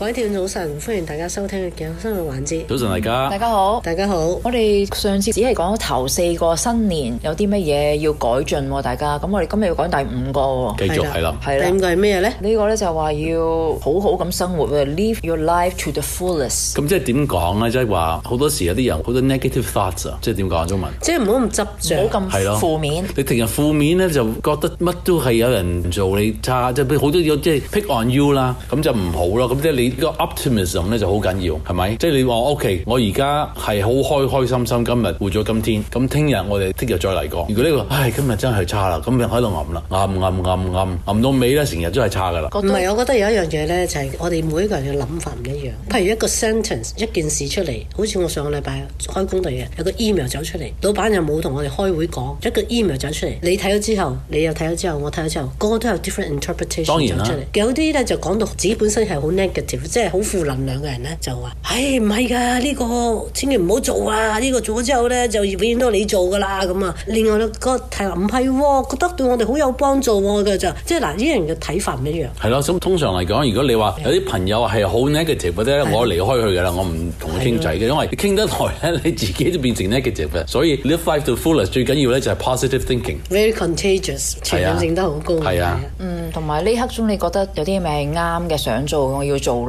改天早晨，歡迎大家收聽嘅健康生活環節。早晨大家，大家好，大家好。我哋上次只係講頭四個新年有啲乜嘢要改進喎、啊，大家。咁我哋今日要講第五個。繼續係啦。係啦。第五個係咩咧？個呢個咧就話、是、要好好咁生活、嗯、，live your life to the fullest。咁即係點講咧？即係話好多時有啲人好多 negative thoughts 啊，即係點講中文？即係唔好咁執著，唔好咁負面。的 你成日負面咧，就覺得乜都係有人做你差，即係好多嘢即、就、係、是、pick on you 啦，咁就唔好咯。咁即係你。個 optimism 咧就好緊要，係咪？即係你話，OK，我而家係好開開心心，今日活咗今天，咁聽日我哋聽日再嚟過。如果呢個唉，今日真係差啦，咁你喺度諗啦，諗諗諗諗諗到尾咧，成日都係差噶啦。唔係，我覺得有一樣嘢咧，就係我哋每一個人嘅諗法唔一樣。譬如一個 sentence，一件事出嚟，好似我上個禮拜開工地嘅，有個 email 走出嚟，老闆又冇同我哋開會講，一個 email 走出嚟，你睇咗之後，你又睇咗之後，我睇咗之後，個個都有 different interpretation 走出嚟。啊，有啲咧就講到自己本身係好 negative。即係好負能量嘅人咧，就話，唉，唔係㗎，呢個千祈唔好做啊！呢個做咗之後咧，就永遠都係你做㗎啦咁啊。另外咧，個係話唔係，覺得對我哋好有幫助㗎就，即係嗱，啲人嘅睇法唔一樣。係咯，咁通常嚟講，如果你話有啲朋友係好 negative，或者我離開佢㗎啦，我唔同佢傾偈嘅，因為你傾得耐咧，你自己都變成 negative 嘅。所以你 live life to the fullest 最緊要咧就係 positive thinking，very contagious，傳染性得好高。係啊。嗯，同埋呢刻中你覺得有啲咩係啱嘅，想做我要做。咯，唔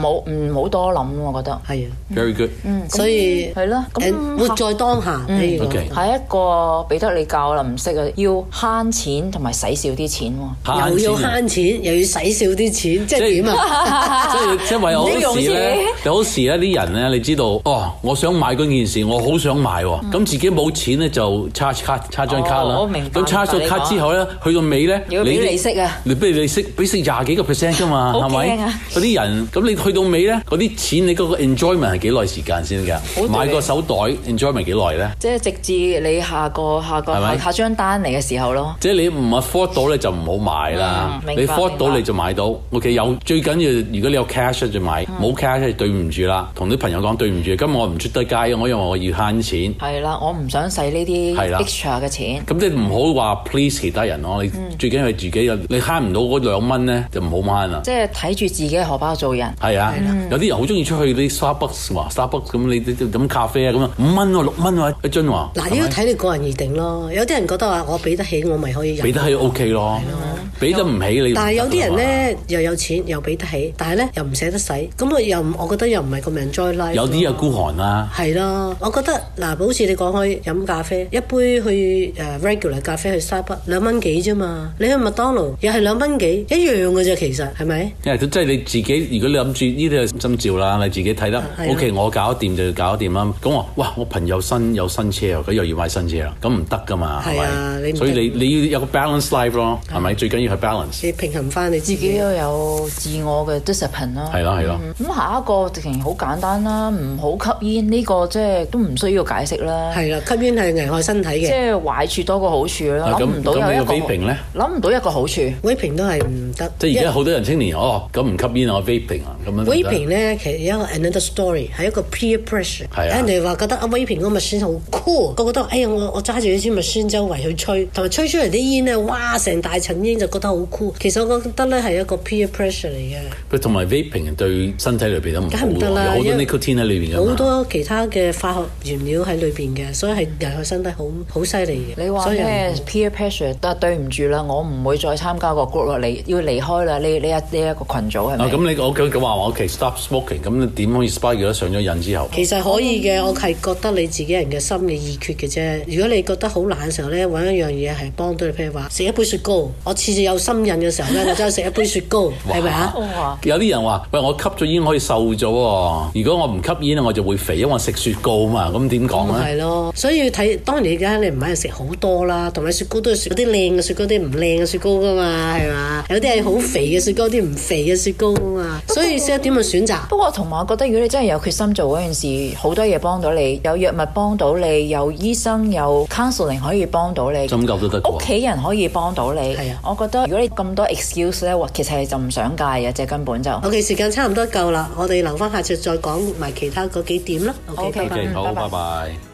冇唔好多諗，我覺得係啊，very good，嗯，所以係咯，咁活在當下，嗯，係一個俾得你教啦，唔識啊，要慳錢同埋使少啲錢喎，又要慳錢又要使少啲錢，即係點啊？即係即係為我有時咧，有時咧啲人咧，你知道哦，我想買嗰件事，我好想買喎，咁自己冇錢咧就差卡，差張卡啦，我明。咁差咗卡之後咧，去到尾咧，要俾利息啊？你不如你息俾息廿幾個 percent 㗎嘛，係咪？嗰啲人。咁你去到尾咧，嗰啲錢你嗰個 enjoyment 係幾耐時間先㗎？買個手袋 enjoyment 幾耐咧？即係直至你下個下個下張單嚟嘅時候咯。即係你唔 afford 到你就唔好買啦。你 afford 到你就買到。OK，有最緊要如果你有 cash 就買，冇 cash 就對唔住啦。同啲朋友講對唔住，今日我唔出得街，我因為我要慳錢。係啦，我唔想使呢啲 extra 嘅錢。咁你唔好話 please 其他人咯。你最緊要係自己，你慳唔到嗰兩蚊咧就唔好慳啦。即係睇住自己嘅荷包。做人係啊，的嗯、有啲人好中意出去啲 Starbucks Starbucks 咁，你啲飲咖啡啊咁啊，五蚊喎，六蚊喎、啊、一樽話、啊。嗱喇，呢個睇你個人而定咯。有啲人覺得話我俾得起，我咪可以飲。俾得起 OK 咯。了俾有得唔起你不，但係有啲人咧又有錢又俾得起，但係咧又唔捨得使，咁我又我覺得又唔係咁樣再拉。有啲啊孤寒啦、啊，係咯，我覺得嗱，好似你講開飲咖啡，一杯去誒、啊、regular 咖啡去沙巴兩蚊幾啫嘛，你去麥當勞又係兩蚊幾，一樣㗎啫，其實係咪？因為即係你自己，如果你諗住呢啲係心照啦，你自己睇得的 OK，我搞得掂就搞得掂啦。咁我哇，我朋友新有新車啊，佢又要買新車啦，咁唔得噶嘛，係啊，不所以你你要有個 balance life 咯，係咪的的最緊要？你 to 平衡翻你自己都有自我嘅 discipline 咯、啊，係咯，係咯。咁、啊嗯、下一個直情好簡單啦、啊，唔好吸煙呢、呢個即、就、係、是、都唔需要解釋啦。係啦、啊，吸煙係危害身體嘅，即係壞處多過好處咯。諗唔、啊、到有一個諗唔、啊那個、到一個好處，vaping 都係唔得。即係而家好多人青年一哦，咁唔吸煙啊，vaping 啊咁樣。vaping 咧其實一個 another story，係一個 peer pressure。係啊，人哋話覺得阿 vaping 嗰啲物酸好 cool，個個都話：哎呀，我我揸住啲黐物酸周圍去吹，同埋吹出嚟啲煙咧，哇，成大層煙就～覺得好酷，其實我覺得咧係一個 peer pressure 嚟嘅。不過同埋 vaping 對身體裏邊都唔，梗係唔得啦！好多 nicotine 喺裏邊，好多其他嘅化學原料喺裏邊嘅，所以係危害身體好好犀利嘅。你話咩 peer pressure？但對唔住啦，我唔會再參加個 group 喇，你要離開啦。你你一你一個羣組係咪？啊咁，你我咁咁話話，我其實 stop smoking，咁點可以 stop 咗上咗癮之後？其實可以嘅，我係覺得你自己人嘅心嘅意決嘅啫。如果你覺得好懶嘅時候咧，揾一樣嘢係幫到你，譬如話食一杯雪糕，我次次。有心癮嘅時候咧，我真係食一杯雪糕，係咪啊？哇有啲人話，喂，我吸咗煙可以瘦咗，如果我唔吸煙我就會肥，因為我食雪糕啊嘛。咁點講咧？咁係咯，所以睇當然而家你唔係食好多啦，同埋雪糕都係有啲靚嘅雪糕，啲唔靚嘅雪糕噶嘛，係嘛？有啲係好肥嘅雪糕，啲唔肥嘅雪糕啊嘛。所以識得點樣選擇。 不過同埋我覺得，如果你真係有決心做嗰件事，好多嘢幫到你，有藥物幫到你，有醫生有 counseling 可以幫到你，針灸都得，屋企人可以幫到你。係啊，我覺。如果你咁多 excuse 咧，其實係就唔想戒嘅，即係根本就。OK，時間差唔多夠啦，我哋留翻下次再講埋其他嗰幾點啦。OK，好，拜拜。Bye.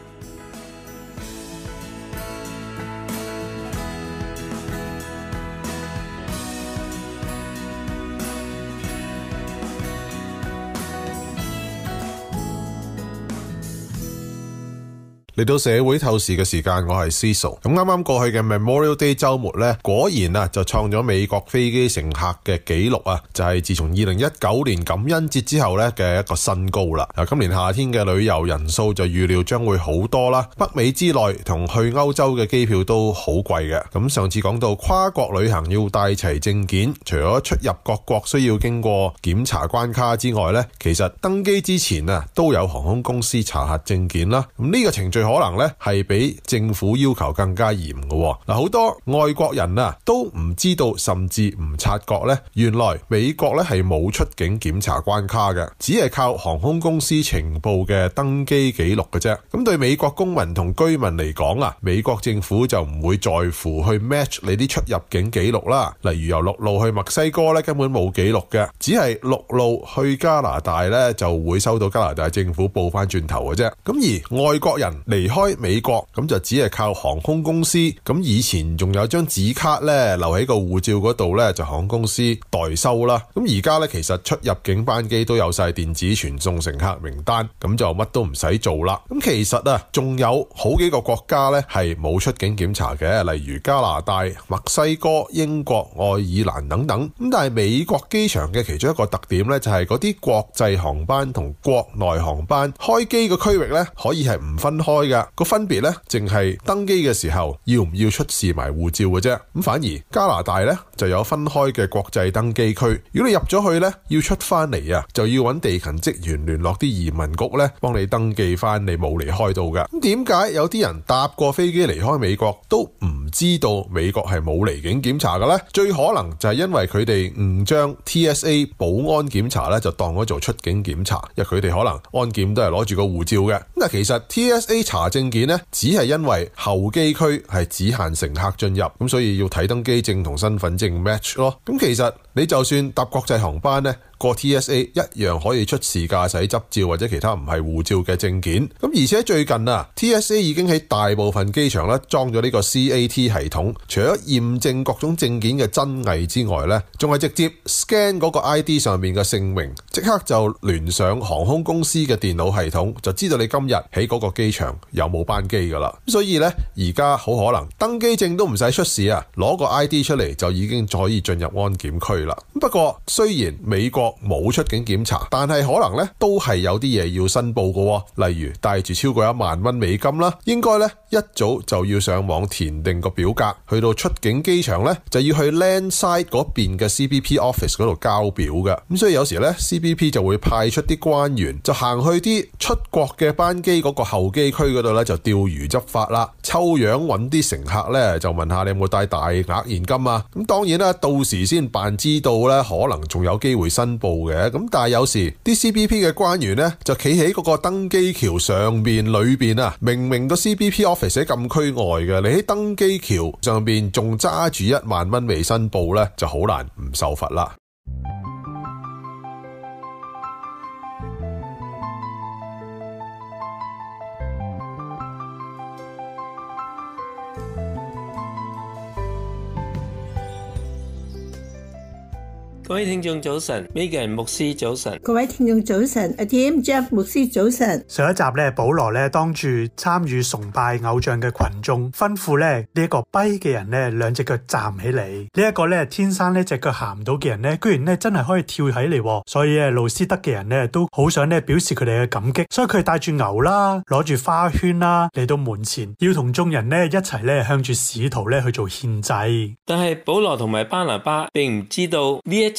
嚟到社會透視嘅時間，我係 Cecil。咁啱啱過去嘅 Memorial Day 週末呢，果然啊就創咗美國飛機乘客嘅紀錄啊，就係自從2019年感恩節之後呢嘅一個新高啦。啊，今年夏天嘅旅遊人數就預料將會好多啦。北美之內同去歐洲嘅機票都好貴嘅。咁上次講到跨國旅行要帶齊證件，除咗出入各國需要經過檢查關卡之外呢，其實登機之前啊都有航空公司查核證件啦。咁呢個程序，可能咧係比政府要求更加嚴嘅嗱，好多外國人啊都唔知道，甚至唔察覺咧，原來美國咧係冇出境檢查關卡嘅，只係靠航空公司呈報嘅登機記錄嘅啫。咁對美國公民同居民嚟講啊，美國政府就唔會在乎去 match 你啲出入境記錄啦。例如由陸路去墨西哥咧根本冇記錄嘅，只係陸路去加拿大咧就會收到加拿大政府報翻轉頭嘅啫。咁而外國人離開美國咁就只係靠航空公司。咁以前仲有張紙卡呢，留喺個護照嗰度呢，就航空公司代收啦。咁而家呢，其實出入境班機都有晒電子傳送乘客名單，咁就乜都唔使做啦。咁其實啊，仲有好幾個國家呢，係冇出境檢查嘅，例如加拿大、墨西哥、英國、愛爾蘭等等。咁但係美國機場嘅其中一個特點呢，就係嗰啲國際航班同國內航班開機嘅區域呢，可以係唔分開的。嘅個分別咧，淨係登機嘅時候要唔要出示埋護照嘅啫。咁反而加拿大咧，就有分開嘅國際登機區。如果你入咗去咧，要出翻嚟啊，就要揾地勤職員聯絡啲移民局咧，幫你登記翻你冇離開到噶。咁點解有啲人搭過飛機離開美國都唔知道美國係冇離境檢查嘅咧，最可能就係因為佢哋唔將 TSA 保安檢查咧就當咗做出境檢查，因為佢哋可能安檢都係攞住個護照嘅。咁其實 TSA 查證件咧，只係因為候機區係只限乘客進入，咁所以要睇登機證同身份證 match 咯。咁其實。你就算搭國際航班咧，個 TSA 一樣可以出示駕駛執照或者其他唔係護照嘅證件。咁而且最近啊，TSA 已經喺大部分機場咧裝咗呢個 CAT 系統，除咗驗證各種證件嘅真偽之外呢，仲係直接 scan 嗰個 ID 上面嘅姓名，即刻就聯上航空公司嘅電腦系統，就知道你今日喺嗰個機場有冇班機噶啦。所以呢，而家好可能登機證都唔使出示啊，攞個 ID 出嚟就已經可以進入安檢區啦。不過雖然美國冇出境檢查，但係可能咧都係有啲嘢要申報噶，例如帶住超過一萬蚊美金啦，應該咧一早就要上網填定個表格，去到出境機場咧就要去 Landside 嗰邊嘅 CBP office 嗰度交表嘅，咁所以有時咧 CBP 就會派出啲官員就行去啲出國嘅班機嗰個候機區嗰度咧就釣魚執法啦，抽樣揾啲乘客咧就問下你有冇帶大額現金啊，咁當然啦，到時先辦知道咧，可能仲有機會申報嘅咁，但係有時啲 C B P 嘅官員咧就企喺嗰個登機橋上邊裏邊啊，明明個 C B P office 喺禁區外嘅，你喺登機橋上邊仲揸住一萬蚊未申報咧，就好難唔受罰啦。各位聽眾早晨，每個人牧師早晨，各位聽眾早晨，阿 t m Jeff 牧師早晨。啊、Jeff, 早晨。上一集咧，保羅咧當住參與崇拜偶像嘅群眾，吩咐咧呢一個跛嘅人咧兩隻腳站起嚟，這個、呢一個咧天生呢隻腳行唔到嘅人咧，居然咧真係可以跳起嚟，哦，所以咧路司得嘅人咧都好想咧表示佢哋嘅感激，所以佢帶住牛啦，攞住花圈啦嚟到門前，要同眾人咧一齊咧向住使徒咧去做獻祭。但係保羅同埋巴拿巴並唔知道呢一。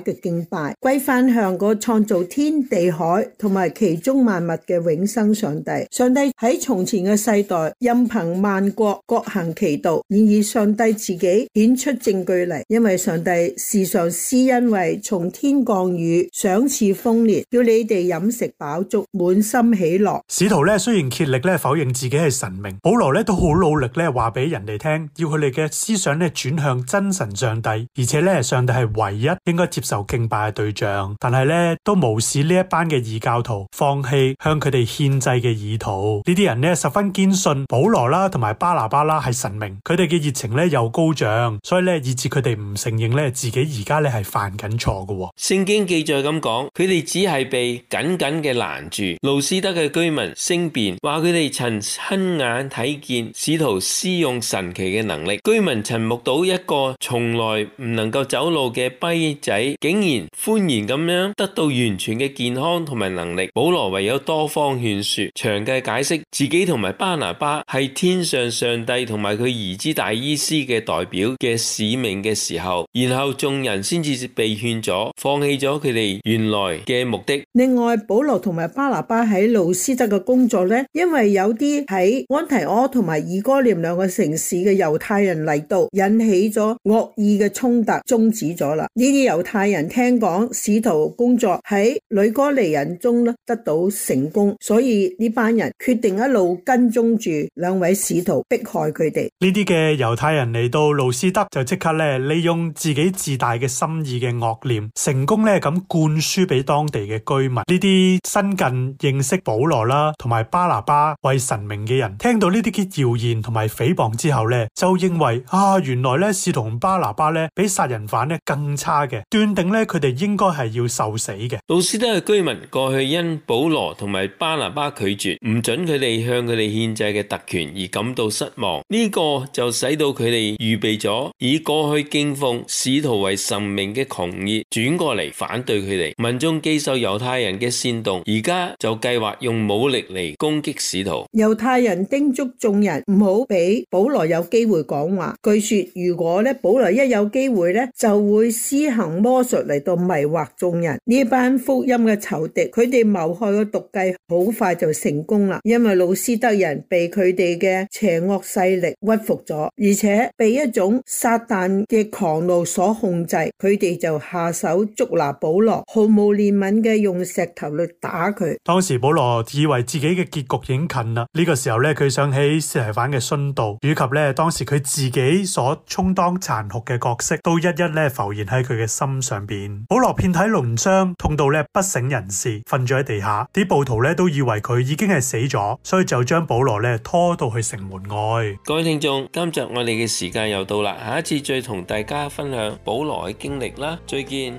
嘅敬拜歸翻向個創造天地海同埋其中萬物嘅永生上帝。上帝喺從前嘅世代任憑萬國各行其道，然而上帝自己顯出證據嚟，因為上帝時常施恩惠，從天降雨，賞賜豐年，叫你哋飲食飽足，滿心喜樂。使徒咧雖然竭力咧否認自己係神明，保羅咧都好努力咧話俾人哋聽，要佢哋嘅思想咧轉向真神上帝，而且咧上帝係唯一應該。接受敬拜嘅對象，但係咧都無視呢一班嘅異教徒，放棄向佢哋獻祭嘅意圖。這些呢啲人咧十分堅信保羅啦，同埋巴拿巴啦係神明，佢哋嘅熱情咧又高漲，所以呢以致佢哋唔承認呢自己而家呢係犯緊錯嘅。聖經記載咁講，佢哋只係被緊緊嘅攔住。路司得嘅居民聲辯，話佢哋曾親眼睇見使徒施用神奇嘅能力，居民曾目睹一個從來唔能夠走路嘅跛仔。竟然歡然咁樣得到完全嘅健康同埋能力，保羅唯有多方勸說，詳細解釋自己同埋巴拿巴係天上上帝同埋佢兒子大醫師嘅代表嘅使命嘅時候，然後眾人先至被勸咗，放棄咗佢哋原來嘅目的。另外，保羅同埋巴拿巴喺路司得嘅工作呢，因為有啲喺安提阿同埋以哥念兩個城市嘅猶太人嚟到，引起咗惡意嘅衝突，終止咗啦。呢啲猶。泰人聽講使徒工作喺呂高尼人中咧得到成功，所以呢班人決定一路跟蹤住兩位使徒迫害佢哋。呢啲嘅猶太人嚟到路司得就即刻咧利用自己自大嘅心意嘅惡念，成功咧咁灌輸俾當地嘅居民。呢啲新近認識保羅啦同埋巴拿巴為神明嘅人，聽到呢啲嘅謠言同埋誹謗之後咧，就認為啊原來咧使徒同巴拿巴咧比殺人犯咧更差嘅。斷定咧，佢哋應該係要受死嘅。路司得嘅居民過去因保羅同埋巴拿巴拒絕唔准佢哋向佢哋獻祭嘅特權而感到失望，呢個就使到佢哋預備咗以過去敬奉使徒為神明嘅狂熱轉過嚟反對佢哋。民眾既受猶太人嘅煽動，而家就計劃用武力嚟攻擊使徒。猶太人叮囑眾人唔好俾保羅有機會講話。據說如果咧保羅一有機會咧，就會施行。魔術嚟到迷惑眾人，呢班福音嘅仇敵，佢哋謀害嘅毒計好快就成功啦。因為路司得人被佢哋嘅邪惡勢力屈服咗，而且被一種撒旦嘅狂怒所控制，佢哋就下手捉拿保羅，毫無憐憫嘅用石頭去打佢。當時保羅以為自己嘅結局已經近啦，呢、這個時候咧，佢想起司提反嘅殉道，以及咧當時佢自己所充當殘酷嘅角色，都一一咧浮現喺佢嘅心。上邊保羅遍體鱗傷，痛到咧不省人事，瞓咗喺地下。啲暴徒咧都以為佢已經係死咗，所以就將保羅咧拖到去城門外。各位聽眾，今集我哋嘅時間又到啦，下一次再同大家分享保羅嘅經歷啦，再見。